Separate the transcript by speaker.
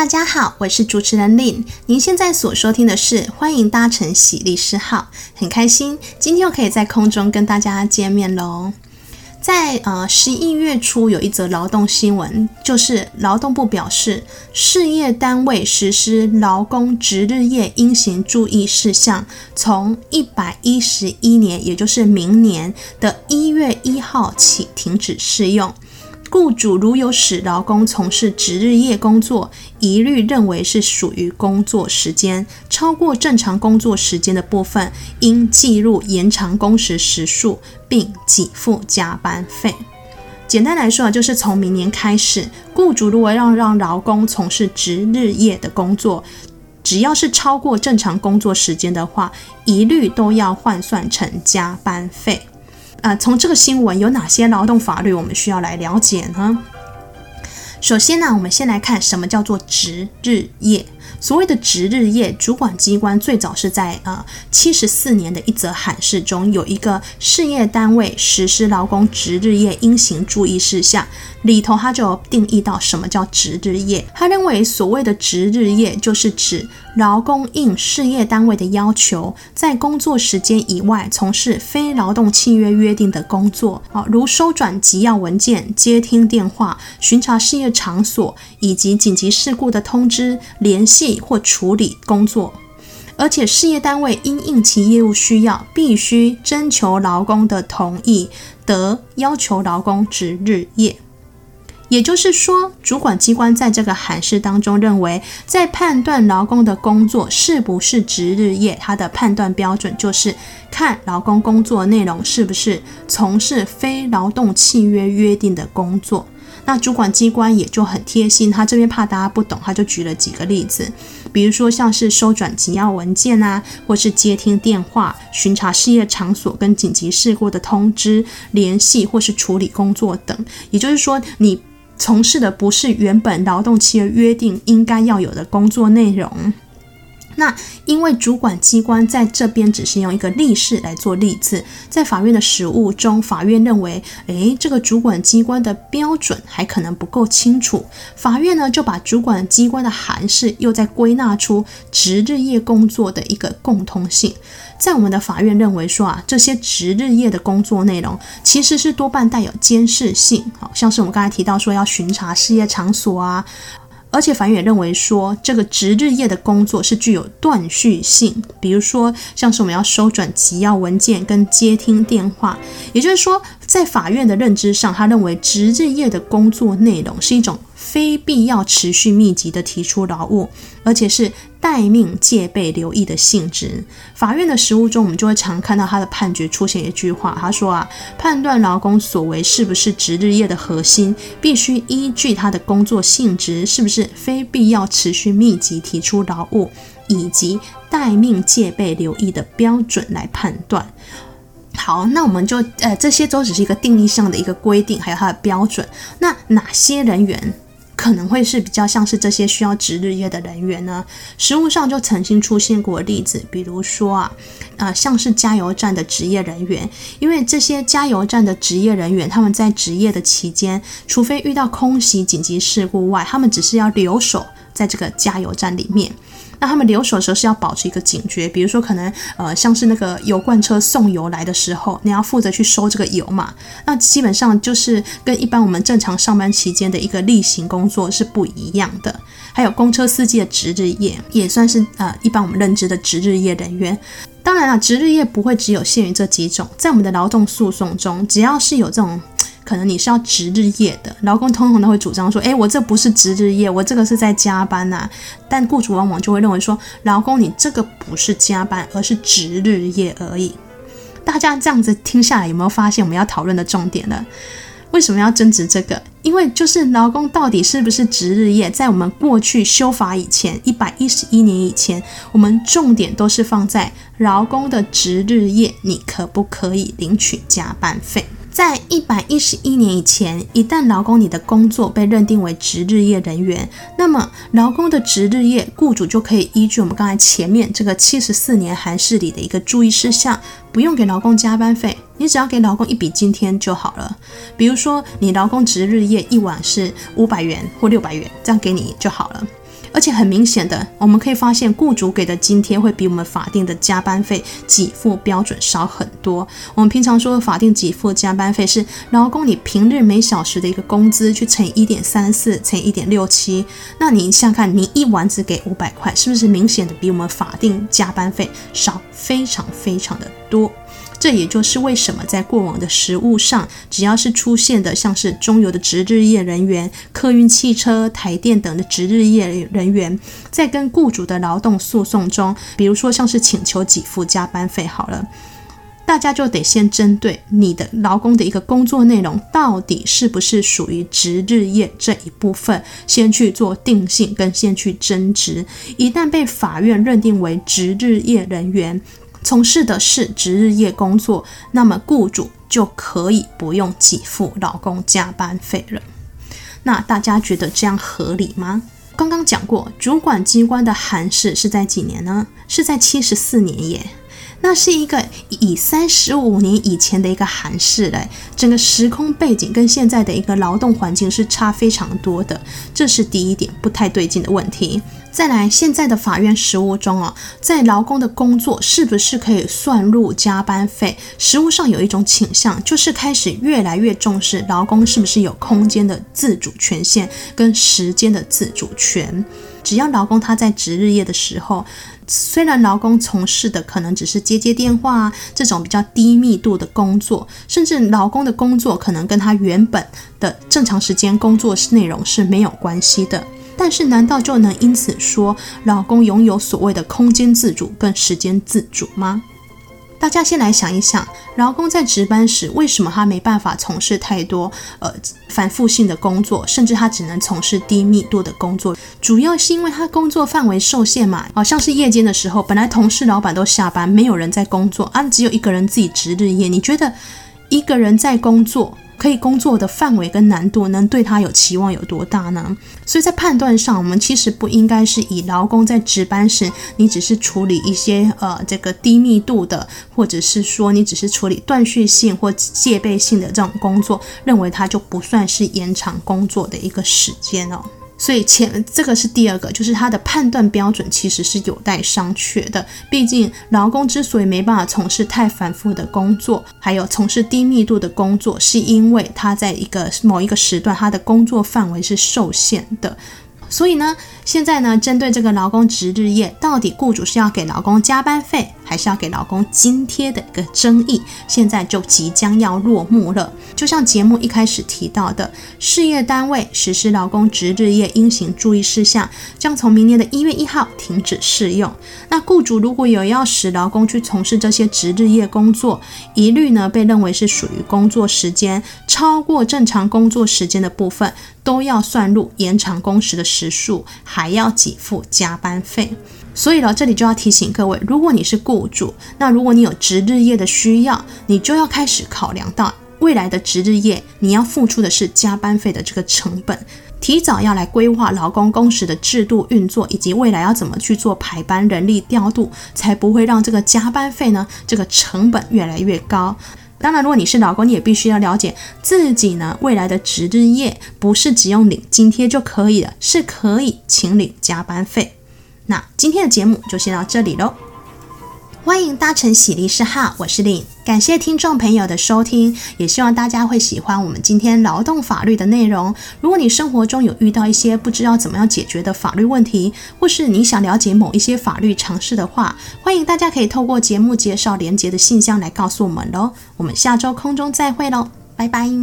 Speaker 1: 大家好，我是主持人 Lynne。您現在所收聽的是《歡迎搭乘喜麗詩號》，很開心，今天又可以在空中跟大家見面咯。在呃十一月初，有一則勞動新聞，就是勞動部表示，事業單位實施勞工值日夜應行注意事項，從一百一十一年，也就是明年的一月一號起停止適用。雇主如有使勞工從事值日夜工作，一律認為是屬於工作時間，超過正常工作時間的部分，應計入延長工時時數，並給付加班費。簡單來說啊，就是從明年開始，雇主如果要讓勞工從事值日夜的工作，只要是超過正常工作時間的話，一律都要換算成加班費。呃，從這個新聞有哪些勞動法律我們需要來了解呢？首先呢，我們先來看什麼叫做值日夜。所謂的值日夜，主管機關最早是在呃七十四年的一則函釋中，有一個事業單位實施勞工值日夜應行注意事項裡頭，他就定義到什麼叫值日夜。他認為所謂的值日夜，就是指勞工應事業單位的要求，在工作時間以外從事非勞動契約約定的工作，啊、呃，如收轉急要文件、接聽電話、巡查事業場所以及緊急事故的通知、聯繫，或處理工作，而且事業單位因應其業務需要，必須徵求勞工的同意，得要求勞工值日夜。也就是說，主管機關在這個函釋當中認為，在判斷勞工的工作是不是值日夜，它的判斷標準就是看勞工工作內容是不是從事非勞動契約約定的工作。那主管機關也就很貼心，他這邊怕大家不懂，他就舉了幾個例子，比如說像是收轉急要文件啊，或是接聽電話、巡查事業場所跟緊急事故的通知、聯繫或是處理工作等。也就是說，你從事的不是原本勞動契約約定應該要有的工作內容。那因為主管機關在這邊只是用一個例示來做例子，在法院的實務中，法院認為，誒，這個主管機關的標準還可能不夠清楚。法院呢，就把主管機關的函釋又再歸納出值日夜工作的一個共通性，在我們的法院認為說啊，這些值日夜的工作內容其實是多半帶有監視性，好像是我們剛才提到說要巡查事業場所啊。而且法院也認為說，這個值日夜的工作是具有斷續性，比如說像是我們要收轉急要文件跟接聽電話，也就是說。在法院的認知上，他認為值日夜的工作內容是一種非必要、持續、密集的提出勞務，而且是待命、戒備、留意的性質。法院的實務中，我們就會常看到他的判決出現一句話，他說啊，判斷勞工所為是不是值日夜的核心，必須依據他的工作性質是不是非必要、持續、密集提出勞務以及待命、戒備、留意的標準來判斷。好，那我們就呃，這些都只是一個定義上的一個規定，還有它的標準。那哪些人員可能會是比較像是這些需要值日夜的人員呢？實務上就曾經出現過例子，比如說啊啊、呃，像是加油站的值日夜人員，因為這些加油站的值日夜人員，他們在值夜的期間，除非遇到空襲緊急事故外，他們只是要留守在這個加油站裡面。那他們留守的時候是要保持一個警覺，比如說可能呃像是那個油罐車送油來的時候，你要負責去收這個油嘛。那基本上就是跟一般我們正常上班期間的一個例行工作是不一樣的。還有公車司機的值日夜也算是呃一般我們認知的值日夜人員。當然了，值日夜不會只有限於這幾種，在我們的勞動訴訟中，只要是有這種。可能你是要值日夜的，勞工通常都會主張說：“欸，我這不是值日夜，我這個是在加班吶。”但雇主往往就會認為說：“勞工，你這個不是加班，而是值日夜而已。”大家這樣子聽下來，有沒有發現我們要討論的重點了？為什麼要爭執這個？因為就是勞工到底是不是值日夜，在我們過去修法以前，一百一十一年以前，我們重點都是放在勞工的值日夜，你可不可以領取加班費？在一百一十一年以前，一旦勞工你的工作被認定為值日夜人員，那麼勞工的值日夜，雇主就可以依據我們剛才前面這個七十四年函釋裡的一個注意事項，不用給勞工加班費，你只要給勞工一筆津貼就好了。比如說，你勞工值日夜一晚是五百元或六百元，這樣給你就好了。而且很明顯的，我們可以發現，雇主給的津貼會比我們法定的加班費給付標準少很多。我們平常說法定給付加班費是勞工你平日每小時的一個工資去乘一點三四乘一點六七，那你想想看，你一晚只給五百塊，是不是明顯的比我們法定加班費少非常非常的多？這也就是為什麼在過往的實務上，只要是出現的像是中油的值日夜人員、客運汽車、台電等的值日夜人員，在跟雇主的勞動訴訟中，比如說像是請求給付加班費，好了，大家就得先針對你的勞工的一個工作內容，到底是不是屬於值日夜這一部分，先去做定性，跟先去爭執。一旦被法院認定為值日夜人員，從事的是值日夜工作，那麼雇主就可以不用給付勞工加班費了。那大家覺得這樣合理嗎？剛剛講過，主管機關的函釋是在幾年呢？是在七十四年耶。那是一個以三十五年以前的一個函釋來，整個時空背景跟現在的一個勞動環境是差非常多的，這是第一點不太對勁的問題。再來，現在的法院實務中、哦、在勞工的工作是不是可以算入加班費？實務上有一種傾向，就是開始越來越重視勞工是不是有空間的自主權限跟時間的自主權。只要勞工他在值日夜的時候。雖然勞工從事的可能只是接接電話啊，這種比較低密度的工作，甚至勞工的工作可能跟他原本的正常時間工作內容是沒有關係的，但是難道就能因此說勞工擁有所謂的空間自主跟時間自主嗎？大家先來想一想，勞工在值班時為什麼他沒辦法從事太多呃反覆性的工作，甚至他只能從事低密度的工作？主要是因為他工作範圍受限嘛。好、呃、像是夜間的時候，本來同事、老板都下班，沒有人在工作，而、啊、只有一個人自己值日夜。你覺得一個人在工作，可以工作的範圍跟難度，能對他有期望有多大呢？所以在判斷上，我們其實不應該是以勞工在值班時，你只是處理一些呃這個低密度的，或者是說你只是處理斷續性或戒備性的這種工作，認為它就不算是延長工作的一個時間哦。所以前，前這個是第二個，就是他的判斷標準其實是有待商榷的。畢竟，勞工之所以沒辦法從事太繁複的工作，還有從事低密度的工作，是因為他在一個某一個時段，他的工作範圍是受限的。所以呢，現在呢，針對這個勞工值日夜，到底雇主是要給勞工加班費，還是要給勞工津貼的一個爭議，現在就即將要落幕了。就像節目一開始提到的，事業單位實施勞工值日夜應行注意事項，將從明年的一月一號停止適用。那雇主如果有要使勞工去從事這些值日夜工作，一律呢，被認為是屬於工作時間超過正常工作時間的部分，都要算入延長工時的時數，還要給付加班費。所以呢，這裡就要提醒各位，如果你是雇主，那如果你有值日夜的需要，你就要開始考量到未來的值日夜，你要付出的是加班費的這個成本，提早要來規劃勞工工時的制度運作，以及未來要怎麼去做排班、人力調度，才不會讓這個加班費呢這個成本越來越高。當然，如果你是勞工，你也必須要了解自己呢未來的值日夜不是只用領津貼就可以了，是可以請領加班費。那今天的節目就先到這裡嘍。歡迎搭乘喜麗詩號，我是 Lynne，感謝聽眾朋友的收聽，也希望大家會喜歡我們今天勞動法律的內容。如果你生活中有遇到一些不知道怎麼樣解決的法律問題，或是你想了解某一些法律常識的話，歡迎大家可以透過節目介紹連接的信箱來告訴我們嘍。我們下週空中再會嘍，拜拜。